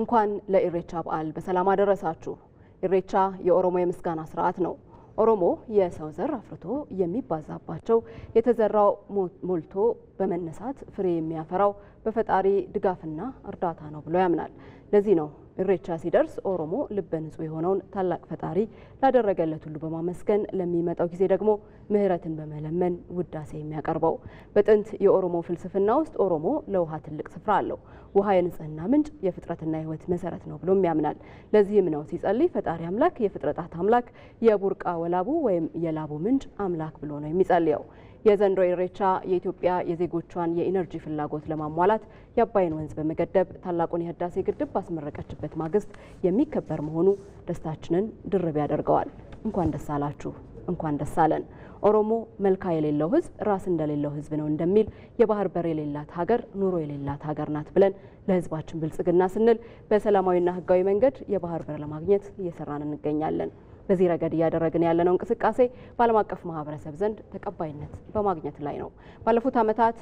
እንኳን ለኢሬቻ በዓል በሰላም አደረሳችሁ። ኢሬቻ የኦሮሞ የምስጋና ስርዓት ነው። ኦሮሞ የሰው ዘር አፍርቶ የሚባዛባቸው የተዘራው ሞልቶ በመነሳት ፍሬ የሚያፈራው በፈጣሪ ድጋፍና እርዳታ ነው ብሎ ያምናል። ለዚህ ነው እሬቻ ሲደርስ ኦሮሞ ልበ ንጹህ የሆነውን ታላቅ ፈጣሪ ላደረገለት ሁሉ በማመስገን ለሚመጣው ጊዜ ደግሞ ምሕረትን በመለመን ውዳሴ የሚያቀርበው። በጥንት የኦሮሞ ፍልስፍና ውስጥ ኦሮሞ ለውሃ ትልቅ ስፍራ አለው። ውሃ የንጽህና ምንጭ፣ የፍጥረትና የህይወት መሰረት ነው ብሎም ያምናል። ለዚህም ነው ሲጸልይ ፈጣሪ አምላክ የፍጥረታት አምላክ የቡርቃ ወላቡ ወይም የላቡ ምንጭ አምላክ ብሎ ነው የሚጸልየው። የዘንድሮ ኢሬቻ የኢትዮጵያ የዜጎቿን የኢነርጂ ፍላጎት ለማሟላት የአባይን ወንዝ በመገደብ ታላቁን የህዳሴ ግድብ ባስመረቀችበት ማግስት የሚከበር መሆኑ ደስታችንን ድርብ ያደርገዋል። እንኳን ደስ አላችሁ፣ እንኳን ደስ አለን። ኦሮሞ መልካ የሌለው ህዝብ ራስ እንደሌለው ህዝብ ነው እንደሚል የባህር በር የሌላት ሀገር ኑሮ የሌላት ሀገር ናት ብለን ለህዝባችን ብልጽግና ስንል በሰላማዊና ህጋዊ መንገድ የባህር በር ለማግኘት እየሰራን እንገኛለን። በዚህ ረገድ እያደረግን ያለነው እንቅስቃሴ በዓለም አቀፍ ማህበረሰብ ዘንድ ተቀባይነት በማግኘት ላይ ነው። ባለፉት ዓመታት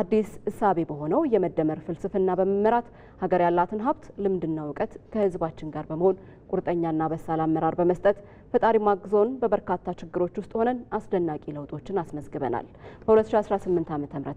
አዲስ እሳቤ በሆነው የመደመር ፍልስፍና በመመራት ሀገር ያላትን ሀብት ልምድና እውቀት ከህዝባችን ጋር በመሆን ቁርጠኛና በሳል አመራር በመስጠት ፈጣሪ ማግዞን በበርካታ ችግሮች ውስጥ ሆነን አስደናቂ ለውጦችን አስመዝግበናል። በ2018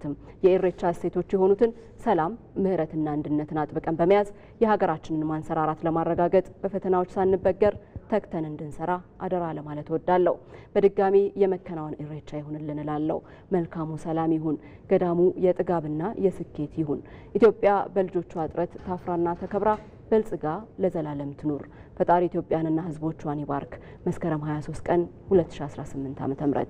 ዓ.ም የኢሬቻ እሴቶች የሆኑትን ሰላም፣ ምህረትና አንድነትን አጥብቀን በመያዝ የሀገራችንን ማንሰራራት ለማረጋገጥ በፈተናዎች ሳንበገር ተግተን እንድንሰራ አደራ ለማለት እወዳለሁ። በድጋሚ የመከናወን ኢሬቻ ይሁንልን እላለሁ። መልካሙ ሰላም ይሁን፣ ገዳሙ የጥጋብና የስኬት ይሁን። ኢትዮጵያ በልጆቿ ጥረት ታፍራና ተከብራ በልጽጋ ለዘላለም ትኑር። ፈጣሪ ኢትዮጵያንና ሕዝቦቿን ይባርክ። መስከረም 23 ቀን 2018 ም